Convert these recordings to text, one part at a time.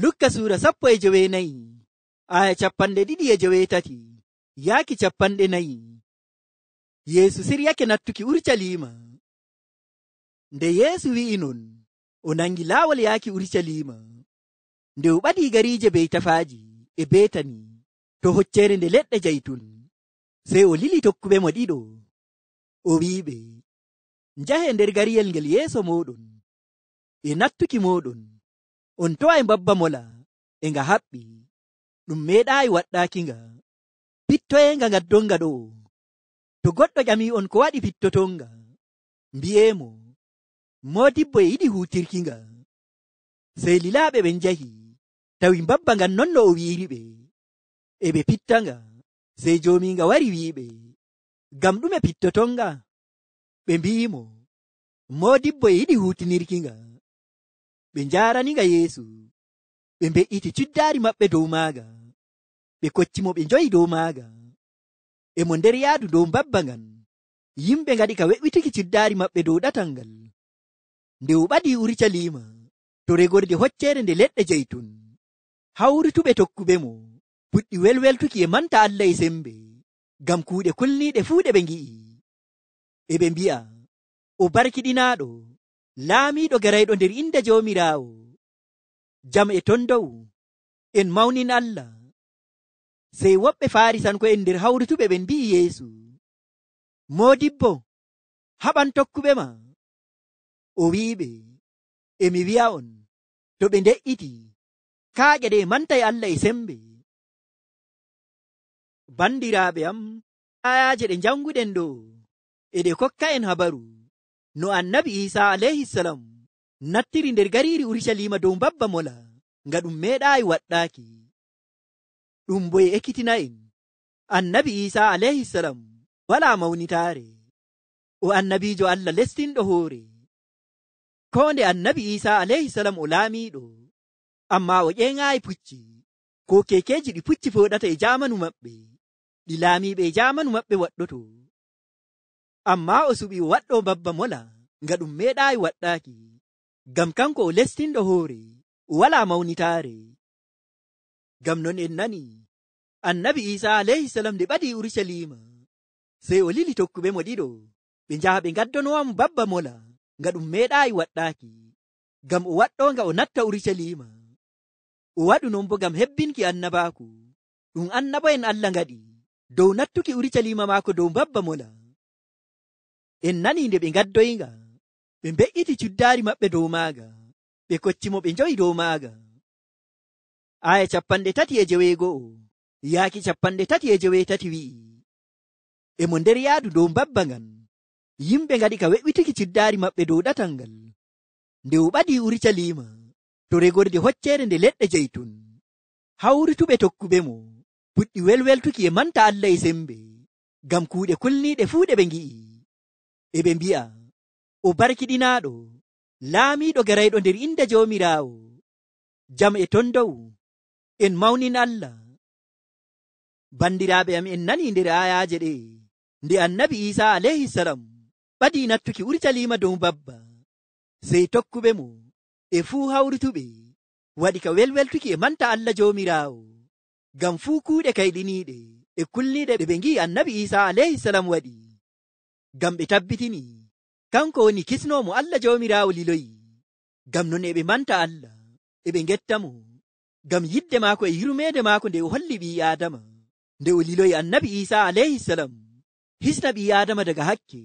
lukka suura sappo e joweenayi aya capanɗe ɗiɗi e joweetati yaaki capanɗe nayi yeesu siryake nattuki urcaliima nde yeesu wi'i non o nangi laawol yaaki urcaliima nde o ɓaɗi gariije bey tafaaji e beetani to hocceere nde leɗɗe jaytun sey o lili tokkuɓe mo ɗiɗo o wi'i ɓe njahe nder gariyel ngel yeeso mooɗon e nattuki mooɗon on towai babba mola e nga haɓɓi ɗum meeɗayi waɗɗaki nga pittoyenga nga donga ɗo to goɗɗo ƴami on ko waɗi pittotonga mbiyemo modibbo e yiɗi hutirki nga sey lilaɓe ɓen jahi tawi babba ngan nonno o wiiri ɓe e ɓe pitta nga sey jomiga wari wiɓe gam ɗume pittotonga ɓe mbimo modibbo e yiɗi hutinirki nga ɓe njaraniga yeesu ɓe mbe'iti cuddari maɓɓe dow maaga ɓe koccimo ɓe njoyi dow maaga e mo nder yaadu dow babba ngan yimɓe ngadi ka weɓɓitiki cuddari maɓɓe dow ɗatal ngal nde o ɓadi urisalima to regorde hoccere nde leɗɗe jeytun hawrituɓe tokkuɓe mo puɗɗi welweltuki e manta allah e sembe ngam kuuɗe kulniiɗe fuu ɗe ɓe ngi'i e ɓe mbi'a o barkiɗinaaɗo laamiiɗo garayɗo nder innde jawmiraawo jam e ton dow en mawnin allah sey woɓɓe faarisan ko en nder hawrutuɓe ɓen mbi'i yeesu moodibbo haɓan tokkuɓe ma o wi'iɓe emi wi'a on to ɓe nde'iti kaaƴe ɗe manta e allah e sembe bandiraaɓe am ayaaje ɗe njannguɗen ɗo eɗe kokka en habaru no annabi isa alayhisalam nattiri nder gariri urushalima dow babba mola nga ɗum meeɗayi waɗɗaaki ɗum boye ekkitina en annabi isa alayhisalam wala mawnitaare o annabijo allah lestinɗo hoore ko nde annabi isa alayhisalam o laamiɗo amma o ƴeŋayi pucci ko kekeji ɗi pucci foɗata e jamanu maɓɓe ɗi laamiɓe e jamanu maɓɓe waɗɗoto amma o suɓi o waɗɗo babba mola nga ɗum meeɗayi waɗɗaaki ngam kanko o lestinɗo hoore wala mawnitaare ngam non en nani annabi isa alayhisalam nde ɓadi urusalima sey o lili tokkuɓe mo ɗiɗo ɓe njahaɓe ngaddonowam babba mola nga ɗum meeɗayi waɗɗaaki ngam o waɗɗonga o natta urusalima o waɗu non bo ngam hebbinki annabaku ɗum annaba en allah ngaɗi dow nattuki urusalima maako dow babba mola en nani nde ɓe ngaddoyinga ɓe mbe'iti cuddaari maɓɓe dow maaga ɓe koccimo ɓe njoyi dow maaga aya capanɗe tati e jeweego'o yaaki capanɗe tati e jeweetati wi'i emo nder yahdu dow mbabba ngan yimɓe ngaɗi ka weɓɓitiki cuddaari maɓɓe dow ɗatal ngal nde o ɓadi urica liima to regorde hocceere nde leɗɗe jeytun hawrituɓe tokkuɓe mo puɗɗi welweltuki e manta allah e sembe ngam kuuɗe kulniiɗe fuu ɗe ɓe ngi'i e ɓe mbi'a o barkiɗinaaɗo laamiiɗo garayɗo nder innda joomiraawo jam e ton dow en mawnin allah banndiraaɓe am en nani nder ayaaje ɗe nde annabi iisaa aleyhisalam ɓadi nattuki urjaliima dow babba sey tokkuɓe mo e fuu hawrutuɓe waɗi ka welweltuki e manta allah joomiraawo ngam fuu kuuɗe kayɗiniiɗe e kulniiɗe ɓe ɓe ngi'i annabi iisaa aleyhisalam waɗi ngam ɓe tabbitinii kanko woni kisnomo allah jawmirawo liloyi gam non eɓe manta allah eɓe gettamo gam yidde maako e yurmede maako nde o holli ɓi adama nde o liloyi annabi isa alayhissalam hisna ɓi adama daga hakke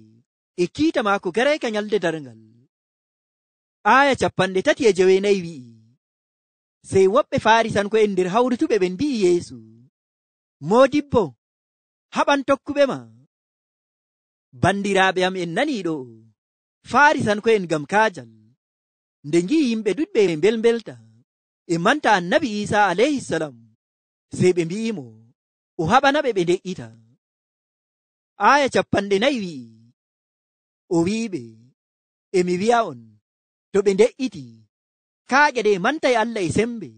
e kiita maako gareka nyalde darngal aya capanɗe tati e jeweenayi wi'i sey woɓɓe farisan ko en nder hawrutuɓe ɓen mbi'i yeesu modibbo haɓan tokkuɓe ma bandiraɓe am en nani ɗo o faari tan ko en ngam kaajal nde ngi yimɓe ɗuɗɓe e mbelmbelta e manta annabi isa alayhissalam sey ɓe mbi'imo o haɓana ɓe ɓe nde'ita aya capanɗe nayi wi'i o wi'iɓe emi wi'a on to ɓe nde'iti kaaƴe ɗe mantay allah e sembe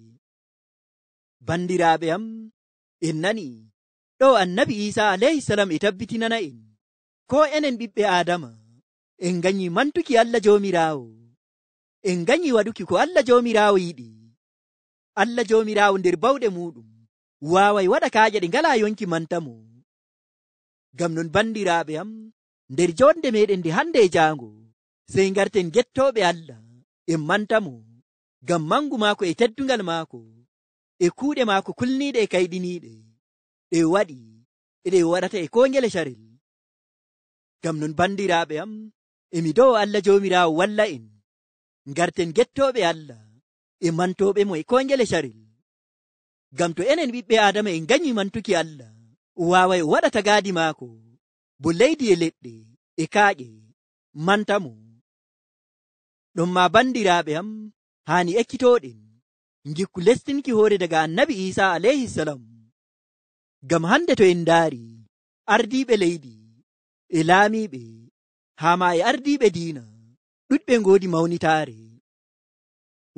bandiraaɓe am en nani ɗo annabi isa alayhissalam e tabbitinana en ko enen ɓiɓɓe aadama en ganyi mantuki allah jomirawo en ganyi waɗuki ko allah jomirawo yiɗi allah jomirawo nder bawɗe muɗum waaway waɗa kaƴe ɗe ngala yonki mantamo gam non bandiraɓe am nder jonde meɗen nde hande e jango sey garten gettoɓe allah en mantamo gam mangu maako e teddugal maako e kuuɗe maako kulniɗe e kayɗiniɗe ɗe waɗi eɗe waɗata e kogele sharel gam non bandiraɓe am emi dow allah jomirawo walla en garten gettoɓe allah e mantoɓe mo e konjele saril gam to enen ɓiɓɓe adama en gañi mantuki allah wawa e o waɗa tagadi maako bo leydi e leɗɗe e kaaƴe mantamo ɗon ma bandiraɓe am hani ekkitoɗen gikku lestinki hoore daga annabi isa alayhissalam gam hande to en daari ardiɓe leydi e laamiɓe haama e ardiiɓe diina ɗuɗɓe ngoodi mawnitaare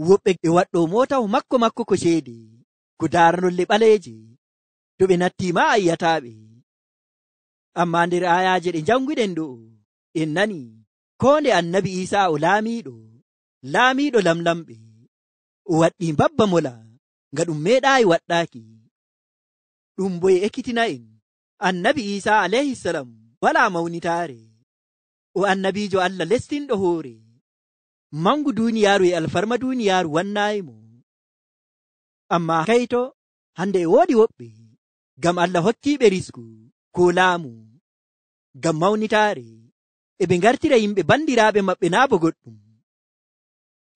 woɓɓe ɓe waɗɗo motawo makko makko ko ceede ko daranolle ɓaleeje to ɓe nattima a yiyataaɓe amma nder ayaaje ɗe janguɗen ɗo en nani ko nde annabi isa o laamiiɗo laamiiɗo lamlamɓe o waɗɗi mbabba mola nga ɗum meeɗaayi waɗɗaaki ɗum boye ekkitina en annabi isa alayhissalam wala mawnitaare o annabijo allah lestinɗo hoore mangu duniyaaru e alfarma duniyaaru wannayimo amma kayto hande e woodi woɓɓe gam allah hokkiɓe risku ko laamu gam mawnitaare eɓe gartira yimɓe bandiraɓe maɓɓe naa bo goɗɗum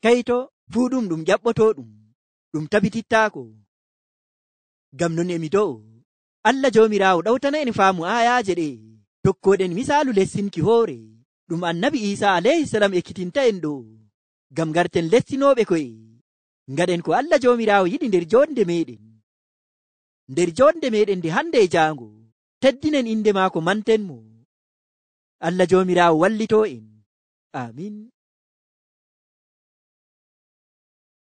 kayto fuu ɗum ɗum ƴaɓɓoto ɗum ɗum tabitittaako gam non emi do'o allah jomirawo ɗawtana en faamu ayaje ɗe tokkoɗen misalu lessinki hoore ɗum annabi isa alayhi salam ekkitinta en ɗo gam garten lestinoɓe koye gaɗen ko allah jomirawo yiɗi nder joɗde meɗen nder joɗde meɗen nde hande e jango teddinen inde mako mantenmo allah jomirawo wallito en amin